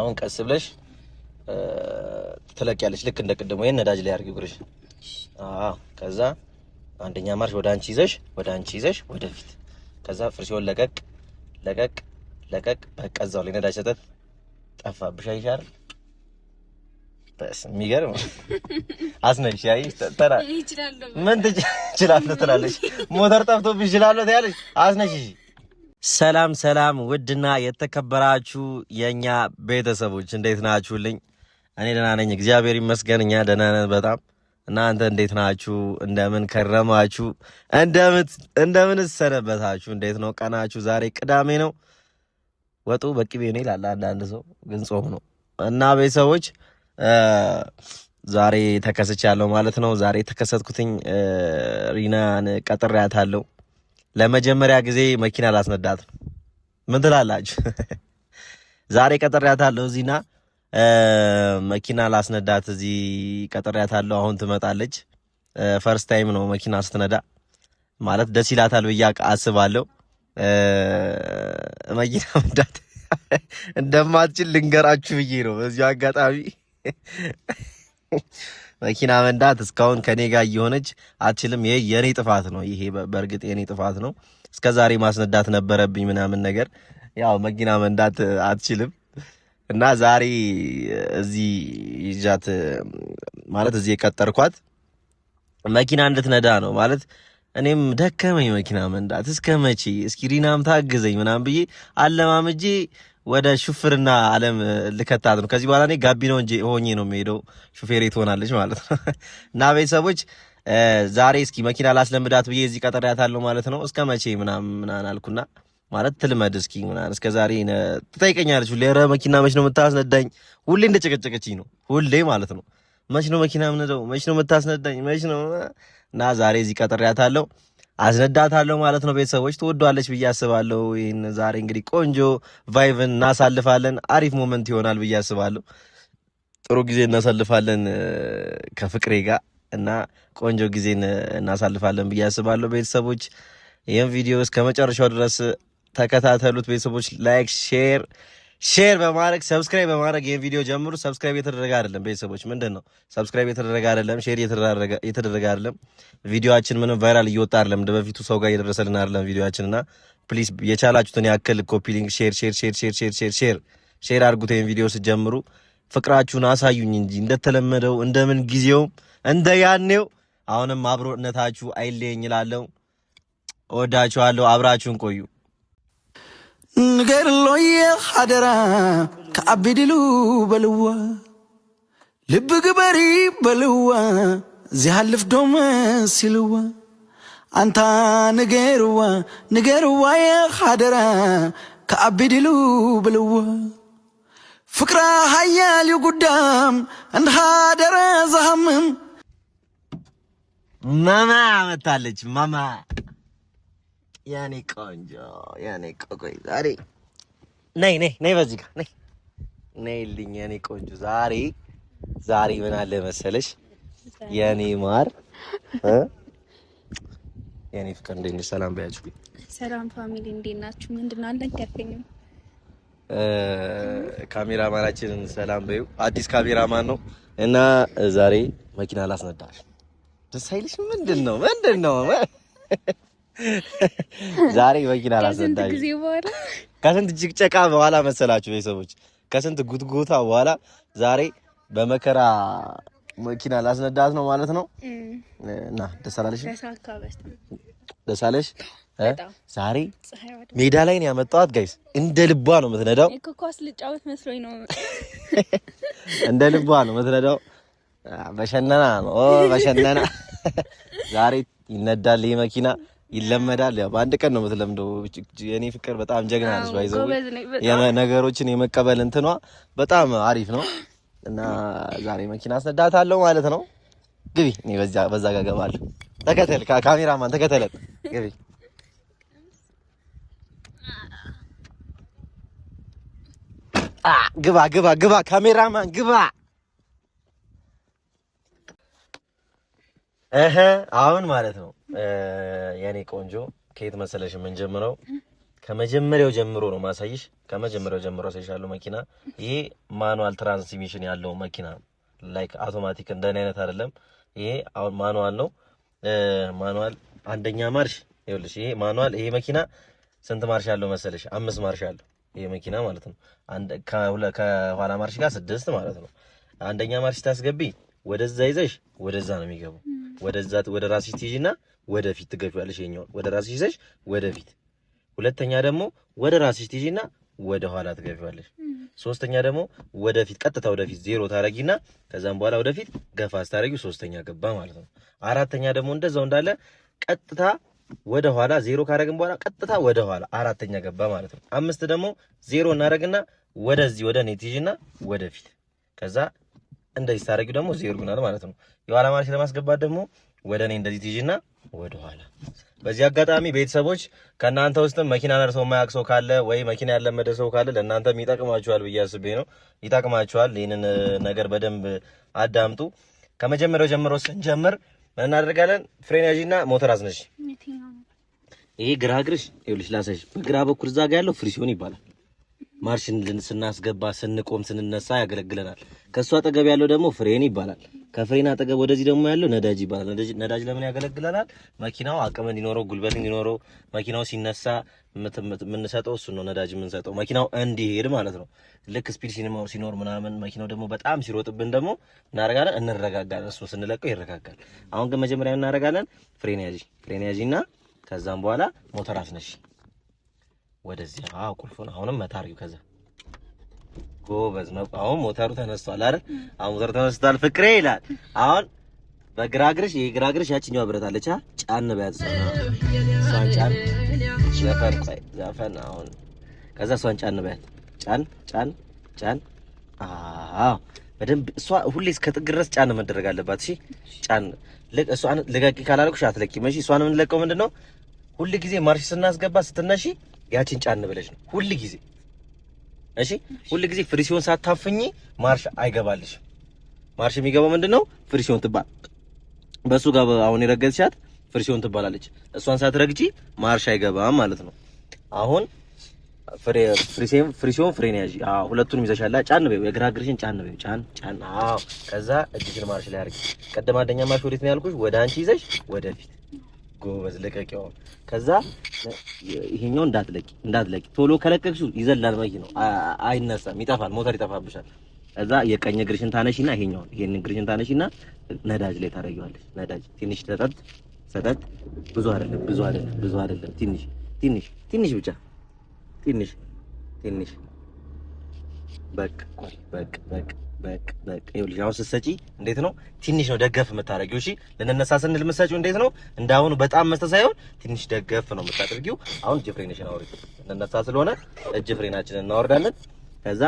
አሁን ቀስ ብለሽ ትለቂያለሽ። ልክ እንደ ቅድሞ ይሄን ነዳጅ ላይ አድርጊው እግርሽ። አዎ። ከዛ አንደኛ ማርሽ ወደ አንቺ ይዘሽ ወደ አንቺ ይዘሽ ወደፊት። ከዛ ፍርሲውን ለቀቅ ለቀቅ ለቀቅ። በቃ እዛው ላይ ነዳጅ ሰጠት ጠፋብሽ። አይሻል በስመ የሚገርም አስነሽ። አይ ተራ ምን ትችላለህ ትላለች። ሞተር ጠፍቶብሽ ይችላለሁ ትያለሽ። አስነሽ ሰላም ሰላም ውድና የተከበራችሁ የእኛ ቤተሰቦች እንዴት ናችሁልኝ? እኔ ደህና ነኝ፣ እግዚአብሔር ይመስገን። እኛ ደህና ነን በጣም እናንተ እንዴት ናችሁ? እንደምን ከረማችሁ? እንደምን ሰነበታችሁ? እንዴት ነው ቀናችሁ? ዛሬ ቅዳሜ ነው። ወጡ በቅቤ ነው ይላል አንዳንድ ሰው፣ ግን ጾም ነው እና ቤተሰቦች ዛሬ ተከስቻለሁ ማለት ነው። ዛሬ ተከሰትኩትኝ ሪናን ቀጥሬያታለሁ ለመጀመሪያ ጊዜ መኪና ላስነዳት ነው። ምን ትላላችሁ? ዛሬ ቀጥሬያታለሁ እዚህና መኪና ላስነዳት እዚህ ቀጥሬያታለሁ። አሁን ትመጣለች። ፈርስት ታይም ነው መኪና ስትነዳ ማለት ደስ ይላታል ብያ አስባለሁ። መኪና መንዳት እንደማትችል ልንገራችሁ ብዬ ነው በዚሁ አጋጣሚ መኪና መንዳት እስካሁን ከኔ ጋር እየሆነች አችልም። ይሄ የኔ ጥፋት ነው። ይሄ በእርግጥ የኔ ጥፋት ነው። እስከ ዛሬ ማስነዳት ነበረብኝ ምናምን ነገር ያው መኪና መንዳት አትችልም እና ዛሬ እዚህ ይዣት ማለት እዚህ የቀጠርኳት መኪና እንድትነዳ ነው ማለት እኔም ደከመኝ መኪና መንዳት እስከ መቼ እስኪ ሪናም ታግዘኝ ምናምን ብዬ አለማምጄ ወደ ሹፍርና አለም ልከታት ነው። ከዚህ በኋላ እኔ ጋቢ ነው እንጂ ሆኜ ነው የሚሄደው። ሹፌሬ ትሆናለች ማለት ነው። እና ቤተሰቦች ዛሬ እስኪ መኪና ላስለምዳት ብዬ እዚህ ቀጠሪያታለሁ ማለት ነው። እስከ መቼ ምናምን ምናምን አልኩና ማለት ትልመድ እስኪ ምናምን እስከ ዛሬ ትጠይቀኛለች ሁሌ። ኧረ መኪና መች ነው የምታስነዳኝ? ሁሌ እንደጨቀጨቀችኝ ነው ሁሌ ማለት ነው። መች ነው መኪና ምንደው? መች ነው የምታስነዳኝ? መች ነው እና ዛሬ እዚህ ቀጠሪያታለሁ አስረዳታለሁ ማለት ነው። ቤተሰቦች ትወዷለች ብዬ አስባለሁ። ይህን ዛሬ እንግዲህ ቆንጆ ቫይቭን እናሳልፋለን። አሪፍ ሞመንት ይሆናል ብዬ አስባለሁ። ጥሩ ጊዜ እናሳልፋለን ከፍቅሬ ጋር እና ቆንጆ ጊዜን እናሳልፋለን ብዬ አስባለሁ። ቤተሰቦች ይህን ቪዲዮ እስከ መጨረሻው ድረስ ተከታተሉት። ቤተሰቦች ላይክ፣ ሼር ሼር በማድረግ ሰብስክራይብ በማድረግ ይህን ቪዲዮ ጀምሩ። ሰብስክራይብ እየተደረገ አይደለም። ቤተሰቦች ምንድን ነው ሰብስክራይብ እየተደረገ አይደለም፣ ሼር እየተደረገ አይደለም። ቪዲዮችን ምንም ቫይራል እየወጣ አይደለም፣ እንደ በፊቱ ሰው ጋር እየደረሰልን አይደለም ቪዲዮችን እና ፕሊዝ የቻላችሁትን ያክል ኮፒ ሊንክ ሼር ሼር ሼር ሼር ሼር ሼር ሼር ሼር አድርጉት። ይህን ቪዲዮ ስትጀምሩ ፍቅራችሁን አሳዩኝ እንጂ እንደተለመደው እንደምን ጊዜው እንደ ያኔው አሁንም አብሮነታችሁ አይለየኝ እላለሁ። እወዳችኋለሁ። አብራችሁን ቆዩ። ንገርሎየ ሓደራ ከዓቢድሉ በልዋ ልቢ ግበሪ በልዋ ዚሃልፍ ዶመ ሲልዋ አንታ ንገርዋ ንገርዋየ ሓደራ ከኣቢድሉ በልዋ ፍቅራ ሃያል ይጉዳም እንድሃደረ ዘሃምም ማማ መታለች ማማ ያኔ ቆንጆ ያኔ ቆቆይ ዛሬ ነይ ነይ ነይ በዚህ ጋር ነይ ነይ ልኝ የኔ ቆንጆ ዛሬ ዛሬ ምን አለ መሰለሽ የኔ ማር የኔ ፍቅር እንዴት ነሽ? ሰላም በያችሁ። ሰላም ፋሚሊ እንዴት ናችሁ? ምንድን ነው አልነገርከኝም። ካሜራማናችንን ሰላም በዩ። አዲስ ካሜራማን ነው እና ዛሬ መኪና ላስነዳሽ። ደስ አይልሽ? ምንድን ነው ምንድን ነው ዛሬ መኪና አላስነዳኝ ከስንት ጭቅጨቃ በኋላ መሰላችሁ ቤተሰቦች፣ ከስንት ጉትጉታ በኋላ ዛሬ በመከራ መኪና ላስነዳት ነው ማለት ነው። እና ደስ አላለሽ ደስ አለሽ። ዛሬ ሜዳ ላይ ነው ያመጣኋት ጋይስ። እንደ ልቧ ነው የምትነዳው። ኳስ ልጫወት መስሎኝ ነው። እንደ ልቧ ነው የምትነዳው። በሸነና ነው በሸነና። ዛሬ ይነዳል ይህ መኪና። ይለመዳል። ያው በአንድ ቀን ነው የምትለምደው። የኔ ፍቅር በጣም ጀግና ነች። ባይዘው ነገሮችን የመቀበል እንትኗ በጣም አሪፍ ነው እና ዛሬ መኪና አስነዳታለሁ ማለት ነው። ግቢ፣ እኔ በዛ ጋር እገባለሁ። ተከተል፣ ካሜራማን ተከተለን፣ ግቢ ግባ ግባ ግባ፣ ካሜራማን ግባ። አሁን ማለት ነው የኔ ቆንጆ ከየት መሰለሽ የምንጀምረው? ከመጀመሪያው ጀምሮ ነው ማሳይሽ። ከመጀመሪያው ጀምሮ አሳይሻለሁ። መኪና ይሄ ማኑዋል ትራንስሚሽን ያለው መኪና ላይክ አውቶማቲክ እንደኔ አይነት አይደለም። ይሄ ማኑዋል ነው። ማኑዋል አንደኛ ማርሽ ይኸውልሽ። ይሄ ማኑዋል ይሄ መኪና ስንት ማርሽ ያለው መሰለሽ? አምስት ማርሽ ያለው ይሄ መኪና ማለት ነው። አንድ ከሁለ ከኋላ ማርሽ ጋር ስድስት ማለት ነው። አንደኛ ማርሽ ታስገቢ፣ ወደዛ ይዘሽ ወደዛ ነው የሚገባው። ወደዛ ወደ ራስሽ ትይዥና ወደፊት ትገፊዋለሽ። የኛውን ወደ ራስሽ ይዘሽ ወደፊት። ሁለተኛ ደግሞ ወደ ራስሽ ትይዢና ወደ ኋላ ትገፊዋለሽ። ሶስተኛ ደግሞ ወደፊት ቀጥታ ወደፊት ዜሮ ታረጊና ከዛም በኋላ ወደፊት ገፋ ስታረጊው ሶስተኛ ገባ ማለት ነው። አራተኛ ደግሞ እንደዛው እንዳለ ቀጥታ ወደ ኋላ ዜሮ ካረግን በኋላ ቀጥታ ወደ ኋላ አራተኛ ገባ ማለት ነው። አምስት ደግሞ ዜሮ እናረግና ወደዚህ ወደ እኔ ትይዥና ወደፊት ከዛ እንደዚህ ታረጊው ደግሞ ዜሮ ይሆናል ማለት ነው። የኋላ ማርሽ ለማስገባት ደግሞ ወደ እኔ እንደዚህ ትይዥና ኋላ። በዚህ አጋጣሚ ቤተሰቦች ከእናንተ ውስጥም መኪና ነርሰው የማያውቅ ሰው ካለ ወይ መኪና ያለመደ ሰው ካለ ለእናንተም ይጠቅማችኋል ብዬ አስቤ ነው። ይጠቅማችኋል። ይህንን ነገር በደንብ አዳምጡ። ከመጀመሪያው ጀምሮ ስንጀምር ምን እናደርጋለን? ፍሬን ያዥና ሞተር አዝነሽ፣ ይሄ ግራ እግርሽ ይኸውልሽ፣ ላሳይሽ። በግራ በኩል እዛ ጋ ያለው ፍሪሲዮን ይባላል። ማርሽን ስናስገባ፣ ስንቆም፣ ስንነሳ ያገለግለናል። ከእሱ አጠገብ ያለው ደግሞ ፍሬን ይባላል። ከፍሬን አጠገብ ወደዚህ ደግሞ ያለው ነዳጅ ይባላል። ነዳጅ ለምን ያገለግለናል? መኪናው አቅም እንዲኖረው ጉልበት እንዲኖረው መኪናው ሲነሳ የምንሰጠው እሱ ነው ነዳጅ የምንሰጠው መኪናው እንዲሄድ ማለት ነው። ልክ ስፒድ ሲኖር ምናምን መኪናው ደግሞ በጣም ሲሮጥብን ደግሞ እናደርጋለን፣ እንረጋጋለን። እሱ ስንለቀው ይረጋጋል። አሁን ግን መጀመሪያ እናደርጋለን፣ ፍሬን ያዥ፣ ፍሬን ያዥ እና ከዛም በኋላ ሞተር አስነሺ ወደዚህ። አዎ ቁልፉን አሁንም መታርዩ ከዛ ጎበዝ ነው። አሁን ሞተሩ ተነስቷል አይደል? አሁን ሞተሩ ተነስቷል ፍቅሬ ይላል። አሁን በግራ እግርሽ ይሄ ግራ እግርሽ ያችኛዋ ብረት አለች። ጫን በያዝ እሷን ጫን። ዘፈን ቆይ ዘፈን አሁን ከዛ እሷን ጫን በያዝ። ጫን ጫን ጫን። አዎ በደንብ እሷ ሁሌ እስከ ጥግ ድረስ ጫን መደረግ አለባት። እሺ ጫን። እሷን ልቀቂ ካላልኩሽ አትለቂም። እሺ እሷን የምንለቀው ምንድን ነው? ሁል ጊዜ ማርሽ ስናስገባ ስትነሺ ያችን ጫን ብለሽ ነው ሁል ጊዜ እሺ ሁል ጊዜ ፍሪሲዮን ሳታፍኝ ማርሽ አይገባልሽ። ማርሽ የሚገባው ምንድነው? ፍሪሲዮን ትባል በሱ ጋር አሁን የረገዝሻት ፍሪሲዮን ትባላለች። እሷን ሳትረግጂ ማርሽ አይገባም ማለት ነው። አሁን ፍሬ ፍሪሲዮን ፍሪሲዮን ፍሬን ያዢ። አዎ ሁለቱንም ይዘሻላ። ጫን ነው የግራ እግርሽን ጫን ነው ጫን ጫን። አዎ ከዛ እጅሽን ማርሽ ላይ አድርጊ። ቀደም አደኛ ማርሽ ወዴት ነው ያልኩሽ? ወደ አንቺ ይዘሽ ወደፊት ጎበዝ ለቀቂያው። ከዛ ይሄኛው እንዳትለቂ እንዳትለቂ፣ ቶሎ ከለቀቅሽው ይዘላል መኪናው፣ አይነሳም፣ ይጠፋል፣ ሞተር ይጠፋብሻል። ከዛ የቀኝ እግርሽን ታነሺና ይሄኛው ይሄን እግርሽን ታነሺና ነዳጅ ላይ ታደርጊዋለሽ። ነዳጅ ትንሽ ሰጠጥ ሰጠጥ፣ ብዙ አይደለም፣ ብዙ አይደለም፣ ብዙ አይደለም፣ ትንሽ ትንሽ ትንሽ ብቻ ትንሽ ትንሽ በቅ በቅ በቅ በቅ በቅ ይኸውልሽ፣ አሁን ስትሰጪ እንዴት ነው? ትንሽ ነው ደገፍ የምታደርጊው። እሺ፣ ልንነሳ ስንል የምትሰጪው እንዴት ነው? እንደ በጣም መስጠት ሳይሆን ትንሽ ደገፍ ነው የምታደርጊው። አሁን እጅ ፍሬንሽን አውሪ። ልንነሳ ስለሆነ እጅ ፍሬናችንን እናወርዳለን። ከዛ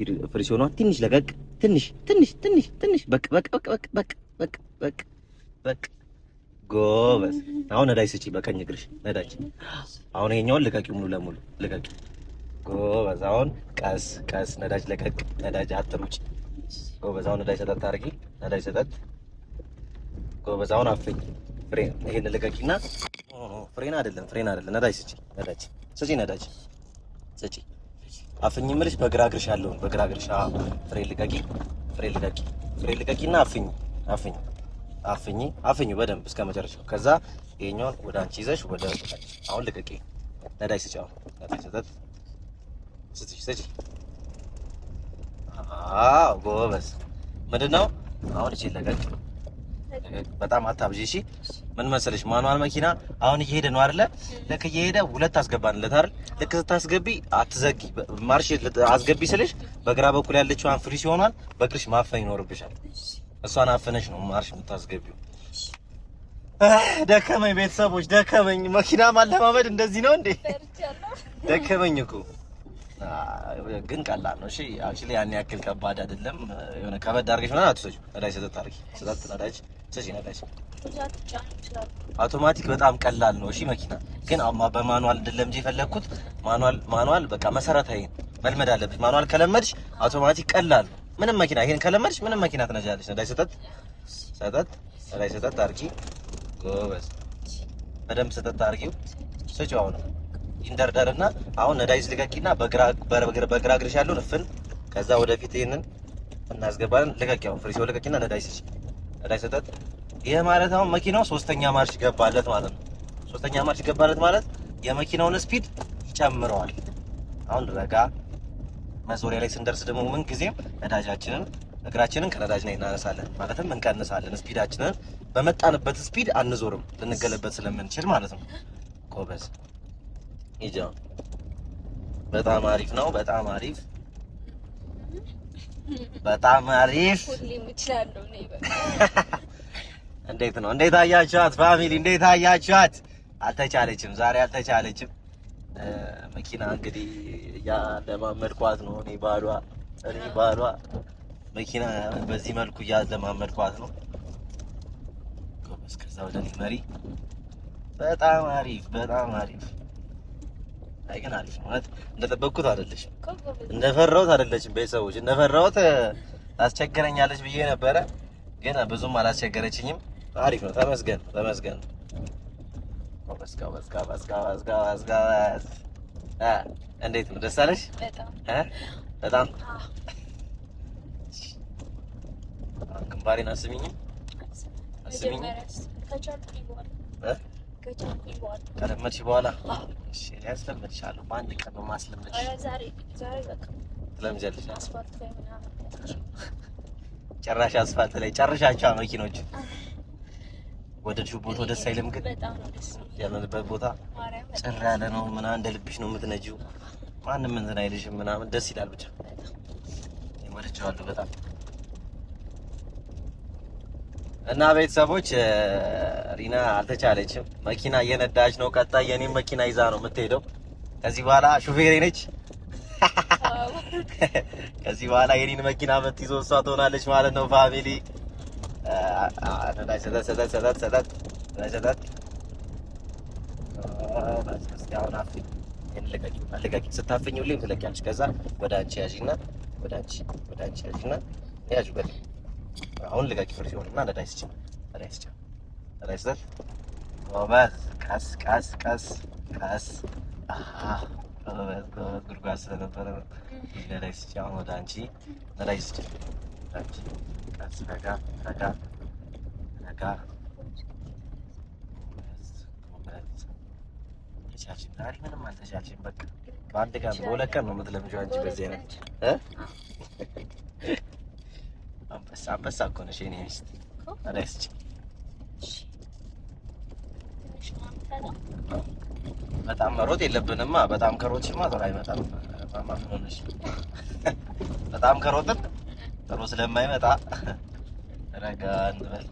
ፍሪሽ ፍሪሲዮኗ ትንሽ ለቀቅ፣ ትንሽ ትንሽ ትንሽ ትንሽ በቅ በቅ በቅ በቅ በቅ በቅ በቅ ጎበዝ። አሁን ነዳጅ ስጪ፣ በቀኝ እግርሽ ነዳጅ። አሁን ይሄኛውን ልቀቂው፣ ሙሉ ለሙሉ ልቀቂው። ጎበዝ። አሁን ቀስ ቀስ ነዳጅ ለቀቅ፣ ነዳጅ አትሩጭ። ጎበዝ። አሁን ነዳጅ ሰጠት አድርጊ፣ ነዳጅ ሰጠት። ጎበዝ። አሁን አፍኝ፣ ፍሬን፣ ይሄን ልቀቂና፣ ፍሬን አይደለም፣ ፍሬን አይደለም፣ ነዳጅ ስጪ፣ ነዳጅ ስጪ፣ ነዳጅ ስጪ። አፍኝ የምልሽ በግራ እግርሽ ያለውን በግራ እግርሽ። ፍሬን ልቀቂ፣ ፍሬን ልቀቂ፣ ፍሬን ልቀቂና አፍኝ፣ አፍኝ አፍኝ አፍኝ በደንብ እስከ መጨረሻው። ከዛ ይሄኛውን ወደ አንቺ ይዘሽ ወደ አሁን ልቀቂ። ነዳጅ ስጪ፣ አሁን ነዳጅ ሰጠት ስጭ። አዎ ጎበዝ። ምንድን ነው አሁን እቺ ለቀቅ በጣም አታብዢ። እሺ ምን መሰለሽ፣ ማኑዋል መኪና አሁን እየሄደ ነው አይደለ? ልክ እየሄደ ሁለት አስገባንለት አይደል? ልክ ስታስገቢ አትዘጊ። ማርሽ አስገቢ ስልሽ በግራ በኩል ያለችዋን ፍሪ ሲሆኗል በግርሽ ማፈን ይኖርብሻል። እሷን አፈነሽ ነው ማርሽ የምታስገቢው። ደከመኝ ቤተሰቦች፣ ደከመኝ። መኪና ማለማመድ እንደዚህ ነው እንዴ? ደከመኝ እኮ ግን ቀላል ነው። እሺ አክቹሊ ያን ያክል ከባድ አይደለም። የሆነ ከበድ አድርገሽ ምናምን አትሰጪ ነዳጅ ሰጠት አድርጊ ሰጠት ነዳጅ ሰጪ ነዳጅ አውቶማቲክ በጣም ቀላል ነው። እሺ መኪና ግን አማ በማኑዋል አይደለም እንጂ የፈለግኩት ማኑዋል ማኑዋል በቃ መሰረታዊ መልመድ አለብሽ። ማኑዋል ከለመድሽ አውቶማቲክ ቀላል ነው። ምንም መኪና ይሄን ከለመድሽ ምንም መኪና ትነጃለሽ። ነዳጅ ሰጠት ሰጠት ነዳጅ ሰጠት አድርጊ ጎበዝ፣ በደንብ ሰጠት አድርጊው ሰጪው አሁን እና አሁን ነዳጅ ልቀቂና በግራ እግርሽ ያለውን እፍን፣ ከዛ ወደፊት ይህንን እናስገባለን። ልቀቂ፣ አሁን ፍሪሲዮ ልቀቂና ነዳጅ ስጪ። ነዳጅ ስጠት። ይህ ማለት አሁን መኪናው ሶስተኛ ማርሽ ገባለት ማለት ነው። ሶስተኛ ማርሽ ገባለት ማለት የመኪናውን ስፒድ ይጨምረዋል። አሁን ረጋ። መዞሪያ ላይ ስንደርስ ደግሞ ምን ጊዜም ነዳጃችንን እግራችንን ከነዳጅ ላይ እናነሳለን፣ ማለትም እንቀንሳለን። ስፒዳችንን በመጣንበት ስፒድ አንዞርም፣ ልንገለበት ስለምንችል ማለት ነው። ጎበዝ ሂጃ በጣም አሪፍ ነው። በጣም አሪፍ በጣም አሪፍ። እንዴት ነው? እንዴት አያችኋት ፋሚሊ? እንዴት አያችኋት? አልተቻለችም፣ ዛሬ አልተቻለችም። መኪና እንግዲህ እያለማመድኳት ነው እኔ ባሏ እኔ ባሏ መኪና በዚህ መልኩ እያለማመድኳት ነው። እስከዛ ወደ መሪ በጣም አሪፍ፣ በጣም አሪፍ አይ ማለት እንደጠበቅኩት አይደለሽም፣ እንደፈራሁት አይደለችም። ቤተሰቦች እንደፈራሁት ታስቸግረኛለች ብዬ ነበረ፣ ግን ብዙም አላስቸገረችኝም። አሪፍ ነው። ተመስገን ተመስገን። እንዴት ነው? ደስ አለሽ? በጣም ግንባሬን አስሚኝም አስሚኝም ከቻልኩኝ በኋላ ከለመድሽ በኋላ እሺ፣ ያስለመድሻለሁ። በአንድ ቀን ነው የማስለመድሽ። ዛሬ ዛሬ በቃ ትለምጃለሽ። አስፋልት ላይ ምናምን ጭራሽ አስፋልት ላይ ጨርሻቸዋ መኪኖች። ወደድሽው ቦታ ደስ አይልም ግን ያለንበት ቦታ ጭር ያለ ነው ምናምን፣ እንደ ልብሽ ነው የምትነጂው። ማንም እንትን አይልሽም ምናምን፣ ደስ ይላል ብቻ። ይመርጫዋለሁ በጣም እና ቤተሰቦች ሪና አልተቻለችም። መኪና እየነዳች ነው። ቀጣ የኔም መኪና ይዛ ነው የምትሄደው። ከዚህ በኋላ ሹፌሬ ነች። ከዚህ በኋላ የኔን መኪና የምትይዞ እሷ ትሆናለች ማለት ነው። ፋሚሊ ስታፍኝ ሁሌም ትለቂያለች። ከዛ ወደ አንቺ ያዥና ወደ አንቺ ወደ አንቺ ያዥና ያዥበት አሁን ልቀቂ ፍሪ ሲሆን እና ለዳይስ ጫን ለዳይስ ጫን ለዳይስ ዘር ጎበዝ፣ ቀስ ቀስ ቀስ ቀስ። አህ ስለነበረ ለዳይስ ጫን ወደ አንቺ ለዳይስ ጫን አንቺ ቀስ ረጋ ረጋ ረጋ ተቻችን ዛሬ ምንም አልተቻችን። በቃ በአንድ ቀን በሁለት ቀን ነው የምትለምጂው አንቺ በዚህ አይነት አንበሳ አንበሳ እኮ ነሽ የእኔ ሚስት። በጣም መሮጥ የለብንማ። በጣም ከሮጥሽማ ቶሎ አይመጣም። በጣም ከሮጥን ጥሩ ስለማይመጣ ረጋ እንበል።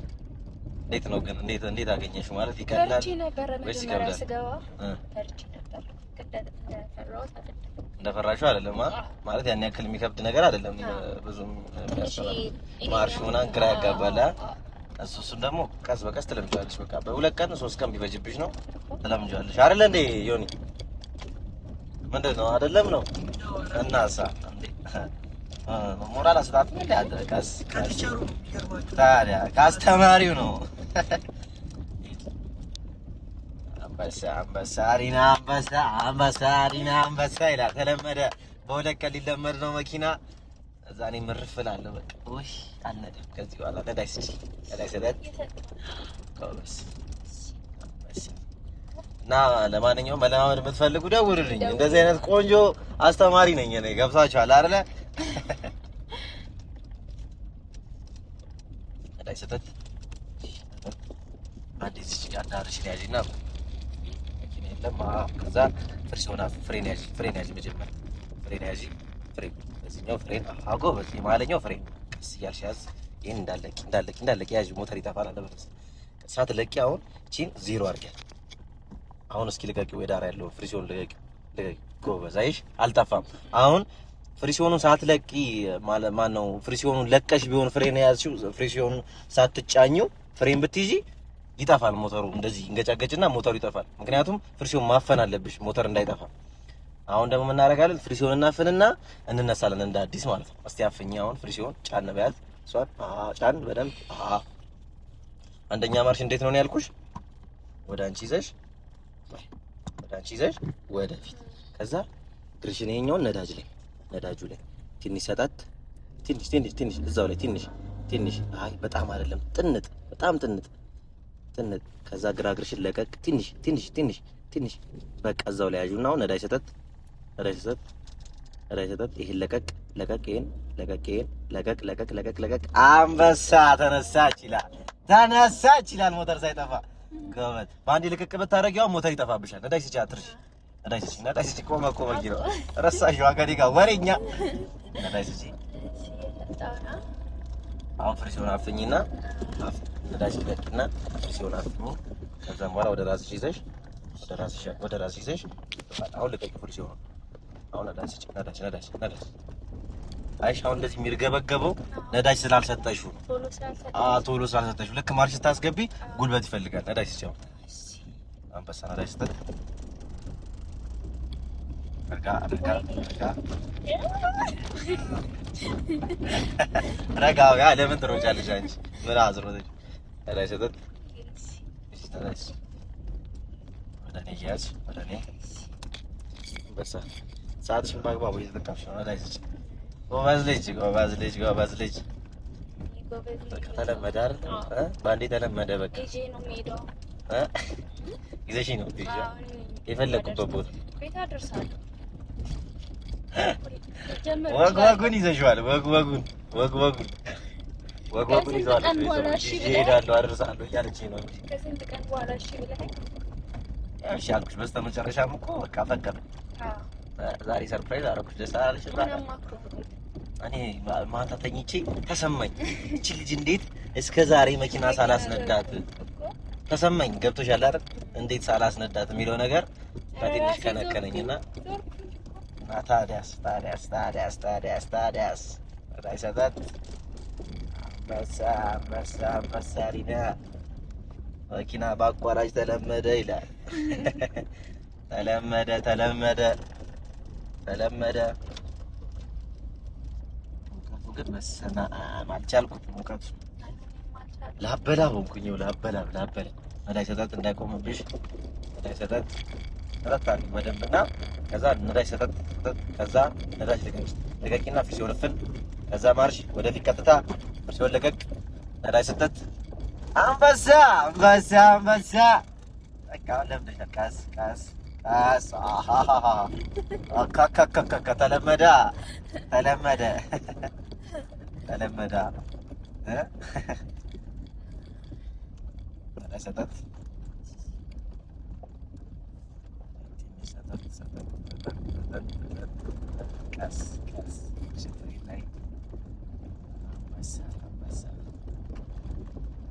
እንዴት ነው ግን? እንዴት እንዴት አገኘሽ ማለት ይቀላል ወይስ ይከብዳል? እንደፈራሹ አይደለም ማለት ያን ያክል የሚከብድ ነገር አይደለም። ብዙም ማርሽ ሆና ግራ ያጋባል። እሱ እሱን ደግሞ ቀስ በቀስ ትለምጃለሽ። በቃ በሁለት ቀን ሶስት ቀን ቢበጅብሽ ነው ትለምጃለሽ። አይደለ እንዴ ዮኒ? ምንድን ነው አይደለም ነው እናሳ ሞራል አስጣት ምን ያደረጋስ? ታዲያ ከአስተማሪው ነው አንበሳ አንበሳ ሪና አንበሳ አንበሳ ሪና አንበሳ ይላል። ተለመደ። በሁለት ቀን ሊለመድ ነው መኪና። እዛ እኔ ምርፍ እላለሁ። በቃ ውይ አልነድም ከዚህ በኋላ ነዳጅ ስጪኝ፣ ነዳጅ ስጠን ጎበዝ። እና ለማንኛውም መለማመድ የምትፈልጉ ደውሉልኝ። እንደዚህ አይነት ቆንጆ አስተማሪ ነኝ እኔ። ገብታችኋል አይደለ? ነዳጅ ስጠን። አዲስ ዳርሽ ያጅና አይደለም። ከዛ ፍርስ ሆና ፍሬን ያዥ፣ ፍሬን ፍሬ መጀመሪያ ፍሬን አጎ በዚህ ማለኛው ፍሬን ቀስ እያልሽ ያዝ። ይህን እንዳለቂ እንዳለቂ እንዳለቂ ያዥ። ሞተር ይጠፋል አለ በተሰ ሳት ለቂ። አሁን ቺን ዜሮ አድርጊያት። አሁን እስኪ ልቀቂ፣ ወይ ዳር ያለው ፍሪሲዮን ልቀቂ፣ ልቀቂ። ጎበዝ አይሽ አልጠፋም። አሁን ለቂ ፍሪሲዮኑን ማን ነው? ፍሪሲዮኑን ለቀሽ ቢሆን ፍሬን ያዝሽው፣ ፍሪሲዮኑን ሳትጫኚው ፍሬን ብትይዢ ይጠፋል ሞተሩ እንደዚህ እንገጫገጭና ሞተሩ ይጠፋል። ምክንያቱም ፍርሲዮን ማፈን አለብሽ ሞተር እንዳይጠፋ። አሁን ደግሞ እናደርጋለን ፍርሲዮን እናፍንና እንነሳለን እንደ አዲስ ማለት ነው። እስቲ አፍኛ አሁን ፍርሲዮን ጫን በያት እሷን ጫን በደንብ አንደኛ ማርሽ እንዴት ነው ያልኩሽ? ወደ አንቺ ይዘሽ ወደ አንቺ ይዘሽ ወደፊት ከዛ ግርሽን ይሄኛውን ነዳጅ ላይ ነዳጁ ላይ ትንሽ ሰጣት ትንሽ ትንሽ ትንሽ እዛው ላይ ትንሽ ትንሽ አይ በጣም አይደለም ጥንጥ በጣም ጥንጥ ጥንት ከዛ ግራግርሽን ለቀቅ ትንሽ ትንሽ ትንሽ ትንሽ በቃ እዛው ላይ ያዡና አሁን እዳይ ሰጠት እዳይ ሰጠት እዳይ ሰጠት ይሄን ለቀቅ ለቀቅ ይሄን ለቀቅ ይሄን ለቀቅ ለቀቅ ለቀቅ ለቀቅ አንበሳ ተነሳ ይችላል ተነሳ ይችላል ሞተር ሳይጠፋ ገበት በአንዴ ልቅቅ ብታደርጊው ሞተር ይጠፋብሻል እዳይ ስጪ አትርሽ እዳይ ስጪ እና እዳይ ስጪ ቆመ ቆመ ይለው ረሳሽ ዋጋዴ ጋር ወሬኛ እዳይ ስጪ አሁን ፍሪ ሲሆን አፍኝና ነዳጅ ለቅና ፍሪ ሲሆን አፍኝ። ከዛም በኋላ ወደ ራስሽ ይዘሽ ወደ ራስሽ ወደ ራስሽ ይዘሽ አሁን ልቀቂ። ፍሪ ሲሆን አሁን ነዳጅ ስጭ። ነዳጅ ነዳጅ ነዳጅ። አይሽ አሁን እንደዚህ የሚርገበገበው ነዳጅ ስላልሰጠሽው፣ አዎ ቶሎ ስላልሰጠሽው። ልክ ማርሽ ስታስገቢ ጉልበት ይፈልጋል። ነዳጅ ስጭ። አሁን አንበሳ ነዳጅ ስጠት። እርጋ እርጋ እርጋ ረጋ ለምን ትሮጫለሽ አንቺ? ምን አዝሮተሽ? ሰዓትሽን በአግባቡ እየተጠቀምሽ ነው። ጎበዝ ልጅ፣ ጎበዝ ልጅ፣ ጎበዝ ልጅ። ተለመደ አይደል? በአንዴ ተለመደ። በቃ ጊዜሽ ነው የፈለኩበት ቦታ ወግ ወጉን ይዘሽዋል። ወግ ወጉን ወግ ወጉን ወግ ወጉን ይዘዋለሽ። እሄዳለሁ አደርሳለሁ እያለችኝ ነው። እሺ አልኩሽ። በስተመጨረሻም እኮ በቃ ፈቀደ። ዛሬ ሰርፕራይዝ አደረኩሽ። ደስ አላለሽ? እኔ ማታ ተኝቼ ተሰማኝ። እቺ ልጅ እንዴት እስከ ዛሬ መኪና ሳላስነዳት ተሰማኝ። ገብቶሻል አይደል? እንዴት ሳላስነዳት የሚለው ነገር ትንሽ ከነከነኝና ታዲያስ ታዲያስ ታዲያስ ታዲያስ ታዲያስ ራይ ሰጠት አንበሳ አንበሳ አንበሳ ሪዳ መኪና በአቋራጭ ተለመደ ይላል። ተለመደ ተለመደ ተለመደ። ሙቀቱ ግን መሰማም አልቻልኩት። ሙቀቱ ላበላ ሆንኩኝ። ላበላ ላበላ ሰጠት እንዳይቆምብሽ ሰጠት ሰጠት በደንብ በደንብና ከዛ ነዳጅ ሰጠጥ፣ ከዛ ነዳጅ ልቅም ልቀቂና ፍሪሲዮን ፍል ከዛ ማርሽ ወደፊት ቀጥታ ፍሪሲዮን ልቀቅ ነዳጅ ሰጠጥ፣ አንበሳ አንበሳ አንበሳ በቃ ለምደሽ ቀስ ቀስ ቀስ አካካካካ ተለመዳ ተለመደ ተለመዳ ነዳጅ ሰጠት ሰተት ሰተት ሰተት ሰተት ሰተት ቀስ ቀስ ሽፍሪ ላይ አንበሳ አንበሳ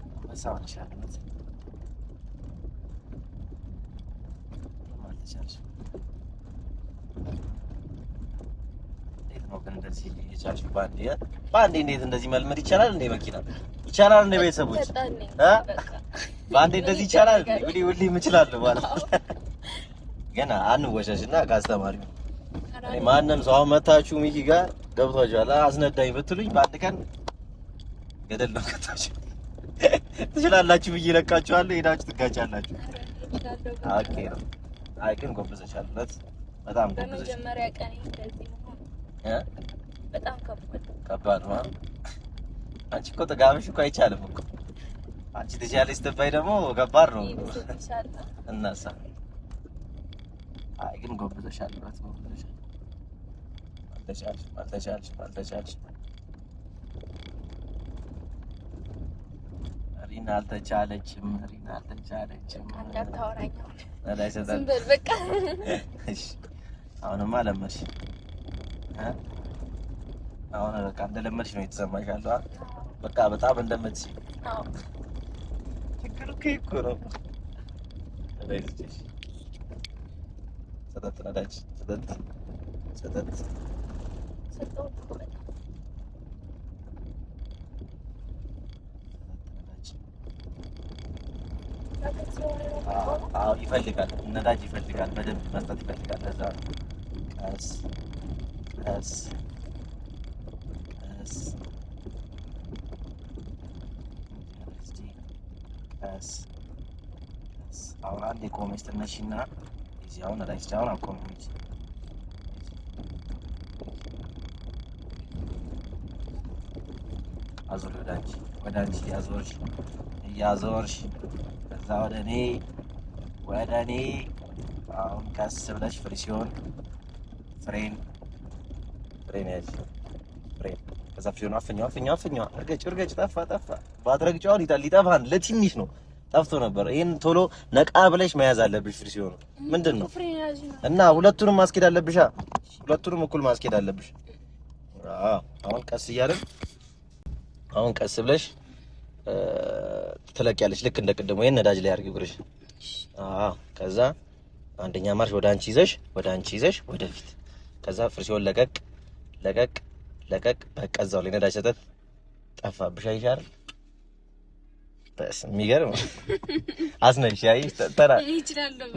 አንበሳ ሆነሽ እንዴት በአንዴ እንዴት እንደዚህ መልመድ ይቻላል እንደ መኪና ይቻላል እንደ ቤተሰቦች በአንዴ እንደዚህ ይቻላል? ምን ይውልኝ እችላለሁ ማለት ግን አንወሸሽ እና ከአስተማሪው ማንም ሰው አሁን መታችሁ ሚኪ ጋር ገብቷችኋል። አስነዳኝ ብትሉኝ በአንድ ቀን ገደል ነው ከታችሁ ትችላላችሁ ብዬ እለቃችኋለሁ። ሄዳችሁ ትጋጫላችሁ። ኦኬ ነው። አይ ግን ጎበዘሻል፣ በጣም ጎበዘሽ። መጀመሪያ ቀን እንደዚህ ነው። በጣም ከባድ ከባድ ነው። አንቺ እኮ ጥጋብሽ እኮ አይቻልም እኮ አንቺ ትችያለሽ ስትባይ ደግሞ ከባድ ነው እናሳ አይ ግን ጎብዘሻል፣ ብረት ጎብዘሻል። አልተቻልሽም፣ አልተቻልሽም፣ አልተቻልሽም። ሪና አልተቻለችም፣ ሪና አልተቻለችም። አሁንማ ለመድሽ፣ አሁን በቃ እንደለመድሽ ነው የተሰማሽ ያለው በቃ በጣም እንደምትሽ ችግሩ እኮ ነው። ሰጠት ነዳጅ ሰጠት ሰጠት ይፈልጋል ነዳጅ ይፈልጋል፣ በደንብ መስጠት ይፈልጋል። ለዛ ቀስ ቀስ ቀስ ቀስ አሁን አንድ የቆመች ትንሽ Down, da ist down, I'm coming with you. አዙር ወደ አንቺ ወደ አንቺ ያዞርሽ እያዞርሽ ከዛ ወደ እኔ ወደ እኔ አሁን ቀስ ብለሽ ፍሪ ሲሆን ፍሬን ፍሬን ያዥ ፍሬን ከዛ ፊሆን አፍኛው አፍኛው አፍኛው እርገጭ እርገጭ ጠፋ ጠፋ ባትረግጫውን ሊጠፋን ለትንሽ ነው ጠፍቶ ነበር። ይሄን ቶሎ ነቃ ብለሽ መያዝ አለብሽ። ፍሪ ሲሆኑ ምንድን ነው እና ሁለቱንም ማስኬድ አለብሻ። ሁለቱንም እኩል ማስኬድ አለብሽ። አሁን ቀስ እያለን አሁን ቀስ ብለሽ ትለቂያለሽ። ልክ እንደ ቅድሞ ይሄን ነዳጅ ላይ አድርጊው እግርሽ። አዎ ከዛ አንደኛ ማርሽ ወደ አንቺ ይዘሽ ወደ አንቺ ይዘሽ ወደፊት ከዛ ፍሪ ሲሆን ለቀቅ ለቀቅ ለቀቅ። በቃ እዛው ላይ ነዳጅ ሰጠት ጠፋብሽ አይሻል የሚገርም አስነሽ ያይ ተራ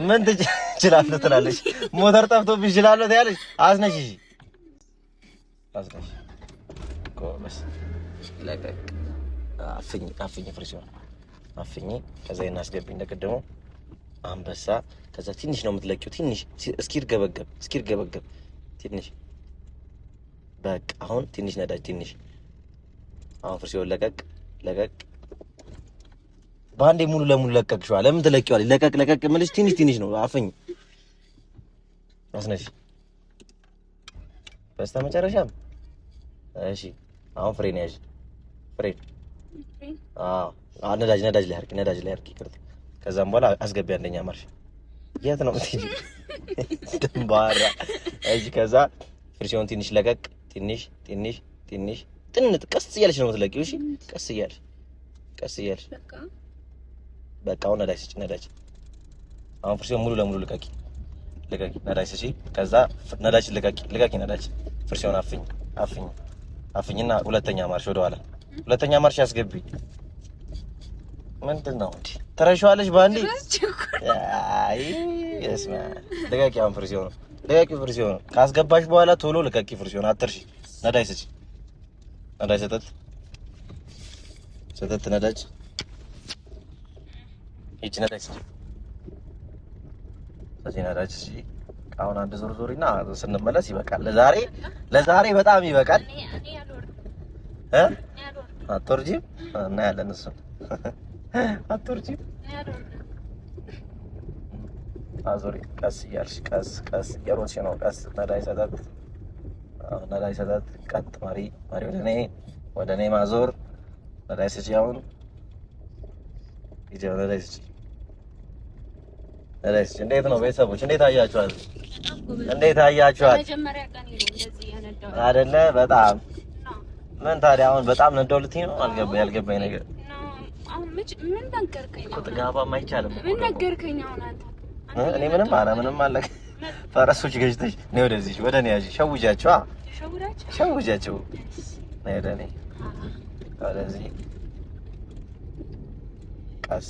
ምን ትችላለ ትላለች። ሞተር ጠፍቶብሽ እችላለሁ ትያለች። አስነሽ እሺ፣ አስነሽ ጎበስ ለቀቅ። አፍኝ አፍኝ፣ ፍርሽ አፍኝ። ከዛ እናስገቢ እንደቀደሙ አንበሳ። ከዛ ትንሽ ነው የምትለቂው፣ ትንሽ እስኪር ገበገብ፣ እስኪር ገበገብ፣ ትንሽ በቃ አሁን ትንሽ ነዳጅ፣ ትንሽ አሁን ፍርሽ ለቀቅ፣ ለቀቅ በአንዴ ሙሉ ለሙሉ ለቀቅሽዋ። ለምን ትለቂዋለሽ? ለቀቅ ለቀቅ የምልሽ ትንሽ ትንሽ ነው። አፈኝ አስነሽ። በስተ መጨረሻም እሺ፣ አሁን ፍሬን ያዥ። ፍሬን ነዳጅ ነዳጅ ላይ አድርጊ፣ ነዳጅ ላይ አድርጊ። ቅርታ ከዛም በኋላ አስገቢ። አንደኛ ማርሽ የት ነው ትይ ደምባራ። እሺ፣ ከዛ ፍርሽውን ትንሽ ለቀቅ፣ ትንሽ ትንሽ ትንሽ ጥንት፣ ቀስ እያለች ነው የምትለቂው። እሺ፣ ቀስ እያለች ቀስ እያለች በቃ አሁን ነዳጅ ስጪ፣ ነዳጅ አሁን ፍርሲውን ሙሉ ለሙሉ ልቀቂ፣ ልቀቂ፣ ነዳጅ ስጪ። ከዛ ነዳጅ ልቀቂ፣ ልቀቂ፣ ነዳጅ ፍርሲውን አፍኝ፣ አፍኝ፣ አፍኝና ሁለተኛ ማርሽ ወደኋላ፣ ሁለተኛ ማርሽ አስገቢ። ምንድን ነው እንዴ? ተረሻዋለሽ ባንዴ። አይ እስማ ልቀቂ፣ አሁን ፍርሲውን ልቀቂ፣ ፍርሲውን ካስገባሽ በኋላ ቶሎ ልቀቂ፣ ፍርሲውን አትርሺ፣ ነዳጅ ስጪ፣ ነዳጅ ሰጠት፣ ሰጠት፣ ነዳጅ ሂጅ ነዳጅ ስጪ፣ ስለዚህ ነዳጅ ስጪ። አሁን አንድ ዞር ዞር እና ስንመለስ ይበቃል። ለዛሬ ለዛሬ በጣም ይበቃል። እ አትወርጂም እና ያለን እሱ አትወርጂም አዞሪ ቀስ እያልሽ ቀስ ቀስ እየሮጥሽ ነው። ቀስ ነዳጅ ሰጠት፣ ነዳጅ ሰጠት፣ ቀጥ ማሪ ማሪ፣ ወደ እኔ ወደ እኔ ማዞር። ነዳጅ ስጪ አሁን ነዳጅ ስጪ እሺ እንዴት ነው ቤተሰቦች? እንዴት አያችኋል? እንዴት አያችኋል? አይደለ? በጣም ምን ታዲያ አሁን በጣም ነዳው ነው? አልገባኝ ያልገባኝ ነገር ምን ነገርከኝ? ጥጋባም አይቻልም። ምን ነገርከኝ? አሁን አንተ እኔ ምንም ኧረ ምንም አለቀ። ፈረሶች ገጭተሽ እኔ ወደዚህ ወደ እኔ ያዥ ሸውጃቸው፣ ሸውጃቸው ወደ እኔ ወደዚህ ቀስ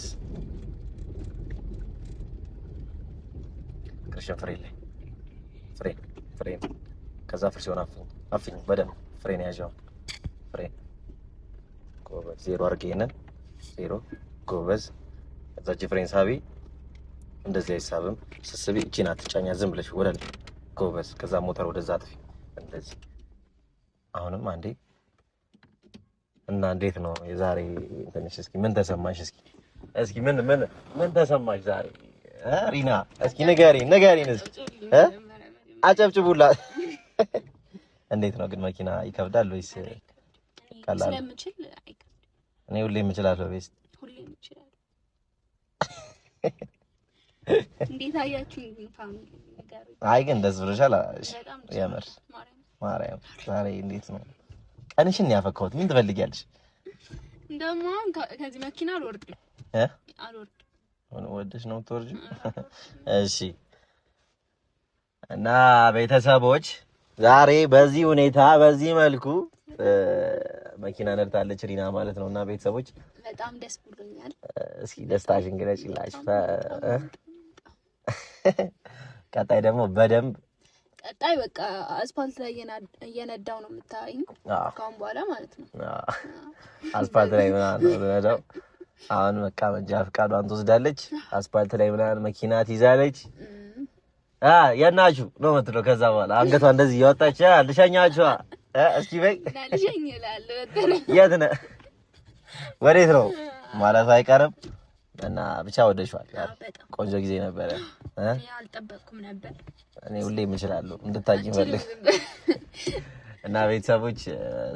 ቅርሻ ፍሬ ላይ ፍሬ ፍሬ ከዛ ፍር ሲሆን አፍኝ አፍኝ በደንብ ፍሬን ያዣው ፍሬ ጎበዝ ዜሮ አርጌነን ዜሮ ጎበዝ ከዛ እጅ ፍሬን ሳቢ እንደዚህ አይሳብም ስስቢ እቺን አትጫኛ ዝም ብለሽ ወደ ላይ ጎበዝ ከዛ ሞተር ወደዛ አጥፊ እንደዚህ አሁንም አንዴ እና እንዴት ነው የዛሬ ትንሽ እስኪ ምን ተሰማሽ እስኪ እስኪ ምን ምን ምን ተሰማሽ ዛሬ ሪና እስኪ ንገሪን ንገሪን እስኪ አጨብጭቡላት። እንዴት ነው ግን መኪና ይከብዳል ወይስ ቀላል? እኔ ሁሌ የምችላለሁ ቤስ እንዴት አያችሁ? አይ ግን ደስ ብሎሻል። የምር ማርያም ዛሬ እንዴት ነው ቀንሽን ያፈካሁት? ምን ትፈልጊያለሽ? እንደውም ከዚህ መኪና አልወርድም አልወርድም ምን ወደሽ ነው የምትወርጂው? እሺ። እና ቤተሰቦች ዛሬ በዚህ ሁኔታ በዚህ መልኩ መኪና ነድታለች ሪና ማለት ነው። እና ቤተሰቦች በጣም ደስ ብሎኛል። እስኪ ደስታሽን ግለጪላሽ። ቀጣይ ደግሞ በደንብ ቀጣይ በቃ አስፋልት ላይ እየነዳው ነው የምታይኝ ከአሁን በኋላ ማለት ነው። አስፋልት ላይ ምናምን ነው አሁን በቃ መንጃ ፈቃዷን ትወስዳለች። አስፓልት ላይ ምናምን መኪና ትይዛለች። የናችሁ ነው የምትለው። ከዛ በኋላ አንገቷ እንደዚህ እያወጣች ልሸኛችኋ እስኪ በይ የት ነህ ወዴት ነው ማለት አይቀርም እና ብቻ ወደሽዋል። ቆንጆ ጊዜ ነበረ። አልጠበቅኩም ነበር እኔ ሁሌ የምችላለሁ እንድታይ ፈልግ እና ቤተሰቦች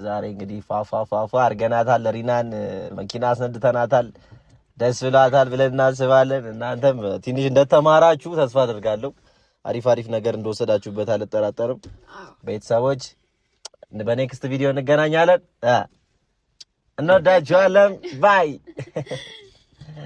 ዛሬ እንግዲህ ፏፏፏፏ አድርገናታል። ሪናን መኪና አስነድተናታል። ደስ ብሏታል ብለን እናስባለን። እናንተም ትንሽ እንደተማራችሁ ተስፋ አድርጋለሁ። አሪፍ አሪፍ ነገር እንደወሰዳችሁበት አልጠራጠርም። ቤተሰቦች በኔክስት ቪዲዮ እንገናኛለን። እንወዳችኋለን። ባይ